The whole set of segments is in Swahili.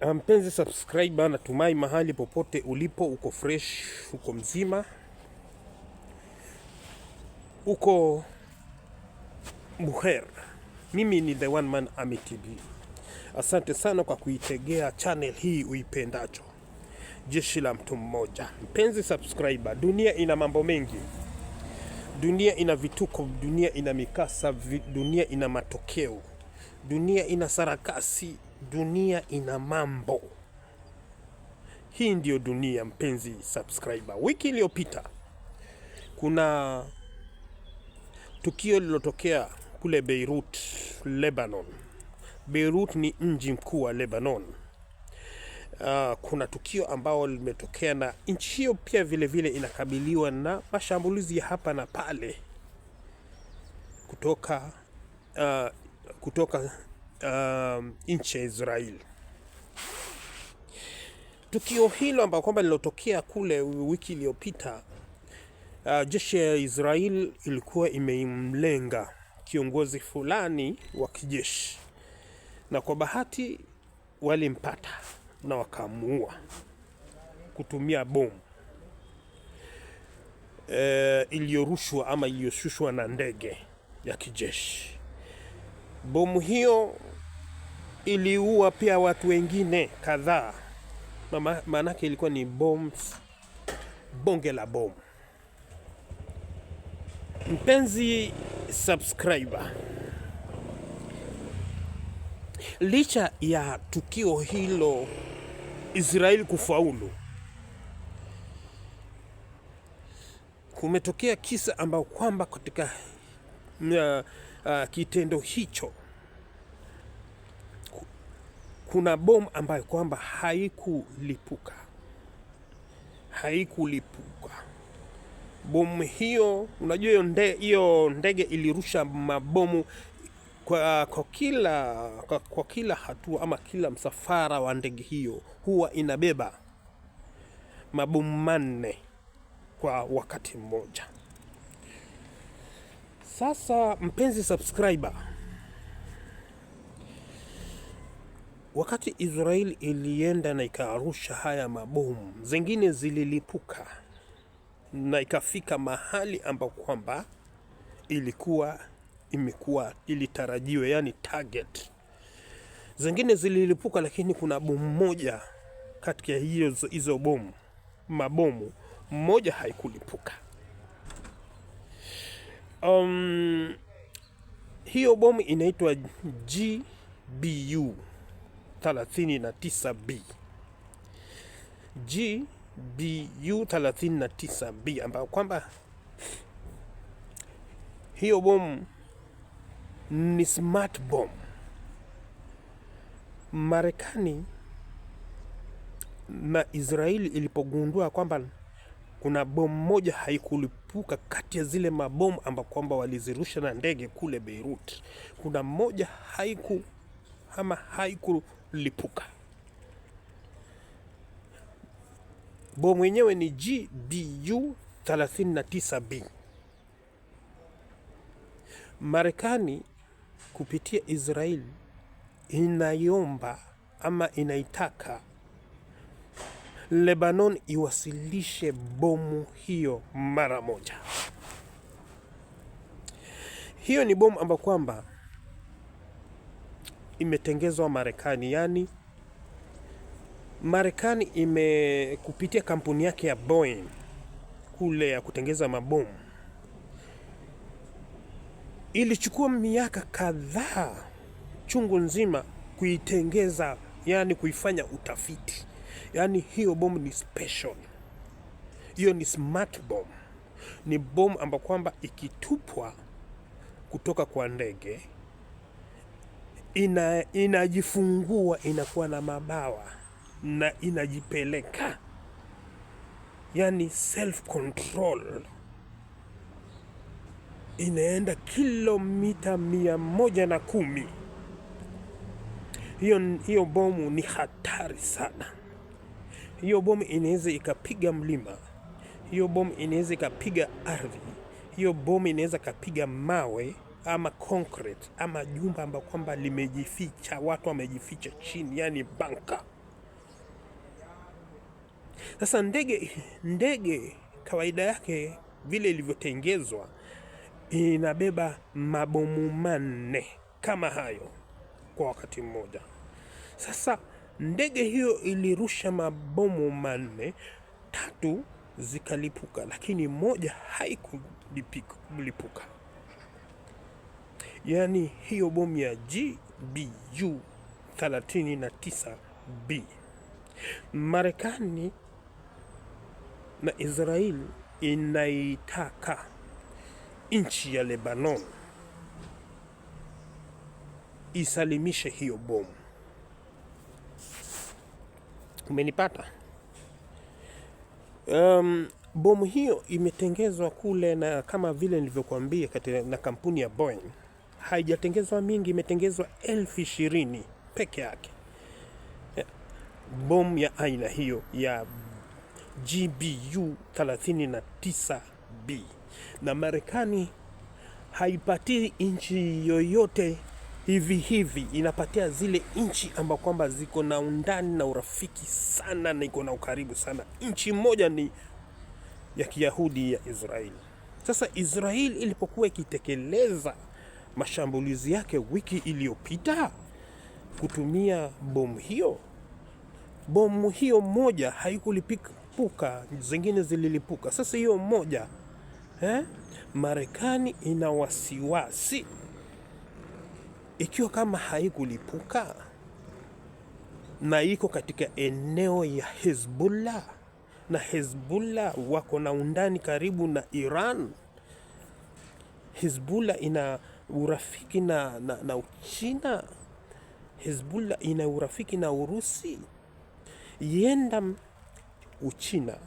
Ah, mpenzi subscriber, natumai mahali popote ulipo uko fresh, uko mzima, uko buher. Mimi ni the one man Ammy TV. Asante sana kwa kuitegea channel hii uipendacho, jeshi la mtu mmoja. Mpenzi subscriber, dunia ina mambo mengi, dunia ina vituko, dunia ina mikasa, dunia ina matokeo, dunia ina sarakasi Dunia ina mambo. Hii ndiyo dunia, mpenzi subscriber. Wiki iliyopita kuna tukio lililotokea kule Beirut, Lebanon. Beirut ni mji mkuu wa Lebanon. Uh, kuna tukio ambalo limetokea na nchi hiyo pia vile vile inakabiliwa na mashambulizi ya hapa na pale kutoka, uh, kutoka Um, nchi ya Israeli. Tukio hilo ambao kwamba lilotokea kule wiki iliyopita, uh, jeshi ya Israeli ilikuwa imemlenga kiongozi fulani wa kijeshi, na kwa bahati walimpata na wakamuua kutumia bomu e, iliyorushwa ama iliyoshushwa na ndege ya kijeshi. Bomu hiyo iliua pia watu wengine kadhaa, maanake ilikuwa ni bombs, bonge la bomu. Mpenzi subscriber, licha ya tukio hilo Israeli kufaulu, kumetokea kisa ambao kwamba katika uh, uh, kitendo hicho kuna bomu ambayo kwamba haikulipuka, haikulipuka bomu hiyo. Unajua hiyo nde, ndege ilirusha mabomu kwa, kwa, kila, kwa, kwa kila hatua ama kila msafara wa ndege hiyo huwa inabeba mabomu manne kwa wakati mmoja. Sasa mpenzi subscriber Wakati Israel ilienda na ikaarusha haya mabomu, zingine zililipuka na ikafika mahali ambapo kwamba ilikuwa imekuwa ilitarajiwe, yani target. Zingine zililipuka, lakini kuna bomu moja kati ya hizo hizo bomu mabomu mmoja haikulipuka. Um, hiyo bomu inaitwa GBU 39B GBU 39B, ambayo kwamba hiyo bomu ni smart bomb. Marekani na Israeli ilipogundua kwamba kuna bomu moja haikulipuka kati ya zile mabomu ambao kwamba walizirusha na ndege kule Beirut, kuna moja haiku ama haikulipuka lipuka. Bomu yenyewe ni GBU 39B. Marekani kupitia Israel inaiomba ama inaitaka Lebanon iwasilishe bomu hiyo mara moja. Hiyo ni bomu ambayo kwamba imetengezwa Marekani, yaani Marekani imekupitia kampuni yake ya Boeing kule ya kutengeza mabomu, ilichukua miaka kadhaa chungu nzima kuitengeza, yani kuifanya utafiti, yani hiyo bomu ni special, hiyo ni smart bomb, ni bomu ambayo kwamba ikitupwa kutoka kwa ndege ina inajifungua inakuwa na mabawa na inajipeleka, yani self control inaenda kilomita mia moja na kumi. Hiyo, hiyo bomu ni hatari sana. Hiyo bomu inaweza ikapiga mlima, hiyo bomu inaweza ikapiga ardhi, hiyo bomu inaweza ikapiga mawe, ama concrete ama jumba ambayo kwamba limejificha, watu wamejificha chini, yani banka. Sasa ndege, ndege kawaida yake vile ilivyotengezwa inabeba mabomu manne kama hayo kwa wakati mmoja. Sasa ndege hiyo ilirusha mabomu manne, tatu zikalipuka, lakini moja haikulipuka yaani hiyo bomu ya GBU 39B. Marekani na Israel inaitaka nchi ya Lebanon isalimishe hiyo bomu. Umenipata? Um, bomu hiyo imetengezwa kule na kama vile nilivyokuambia na kampuni ya Boeing haijatengezwa mingi, imetengezwa elfu ishirini peke yake. Bomu ya aina hiyo ya GBU 39B na Marekani haipatii nchi yoyote hivi hivi, inapatia zile nchi ambao kwamba ziko na undani na urafiki sana na iko na ukaribu sana. Nchi moja ni ya Kiyahudi ya Israeli. Sasa Israeli ilipokuwa ikitekeleza mashambulizi yake wiki iliyopita kutumia bomu hiyo. Bomu hiyo moja haikulipuka, zingine zililipuka. Sasa hiyo moja eh? Marekani ina wasiwasi ikiwa kama haikulipuka na iko katika eneo ya Hezbollah na Hezbollah wako na undani karibu na Iran. Hezbollah ina urafiki na, na, na Uchina. Hezbollah ina urafiki na Urusi. Yenda Uchina,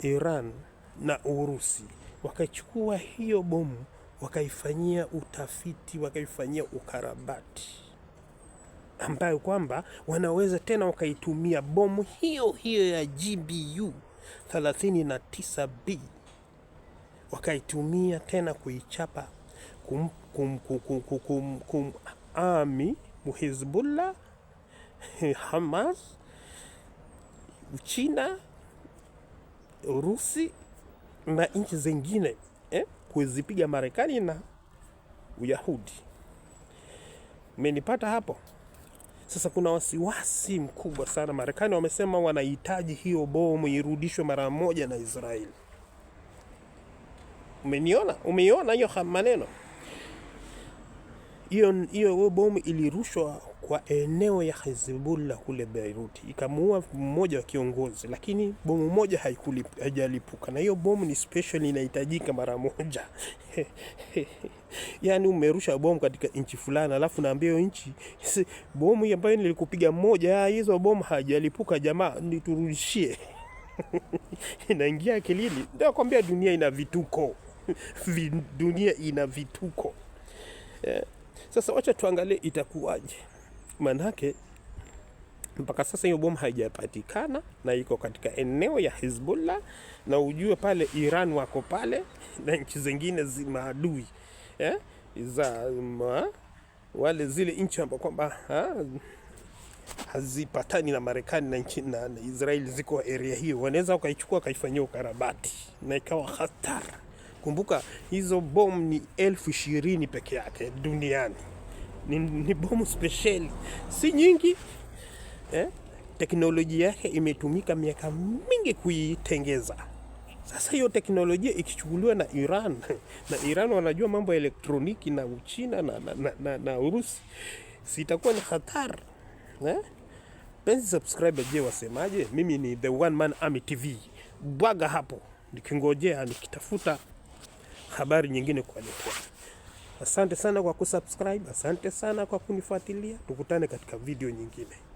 Iran na Urusi wakachukua hiyo bomu wakaifanyia utafiti, wakaifanyia ukarabati, ambayo kwamba wanaweza tena wakaitumia bomu hiyo hiyo ya GBU 39B wakaitumia tena kuichapa kumpa kumami kum, kum, Hizbullah, Hamas, China, Urusi na nchi zingine eh, kuzipiga Marekani na Uyahudi. Mmenipata hapo? Sasa kuna wasiwasi mkubwa sana. Marekani wamesema wanahitaji hiyo bomu irudishwe mara moja na Israeli. Umeniona, umeiona hiyo maneno hiyo hiyo bomu ilirushwa kwa eneo ya Hezbollah kule Beirut, ikamuua mmoja wa kiongozi, lakini bomu moja haijalipuka, na hiyo bomu ni special, inahitajika mara moja yani umerusha bomu katika nchi fulani, alafu naambia hiyo nchi bomu ambayo nilikupiga moja, hizo bomu haijalipuka, jamaa niturudishie. Inaingia akilini, ndio kwambia dunia ina vituko dunia ina vituko eh, sasa wacha tuangalie itakuwaje, manake mpaka sasa hiyo bomu haijapatikana na iko katika eneo ya Hezbollah, na ujue pale Iran wako pale na nchi zingine zimaadui eh? za ma, mm, wale zile nchi ambao kwamba hazipatani na Marekani na nchi na, na Israeli ziko area hiyo, wanaweza wakaichukua wakaifanyia ukarabati na ikawa hatari. Kumbuka hizo bomu ni elfu ishirini peke yake duniani. Ni, ni bomu spesheli, si nyingi eh? Teknolojia yake imetumika miaka mingi kuitengeza. Sasa hiyo teknolojia ikichukuliwa na Iran na Iran wanajua mambo ya elektroniki na Uchina na, na, na, na, na Urusi, sitakuwa ni hatari eh? Penzi subscriber, je, wasemaje? Mimi ni the one man army TV, bwaga hapo nikingojea nikitafuta habari nyingine kuanikwa. Asante sana kwa kusubscribe, asante sana kwa kunifuatilia. Tukutane katika video nyingine.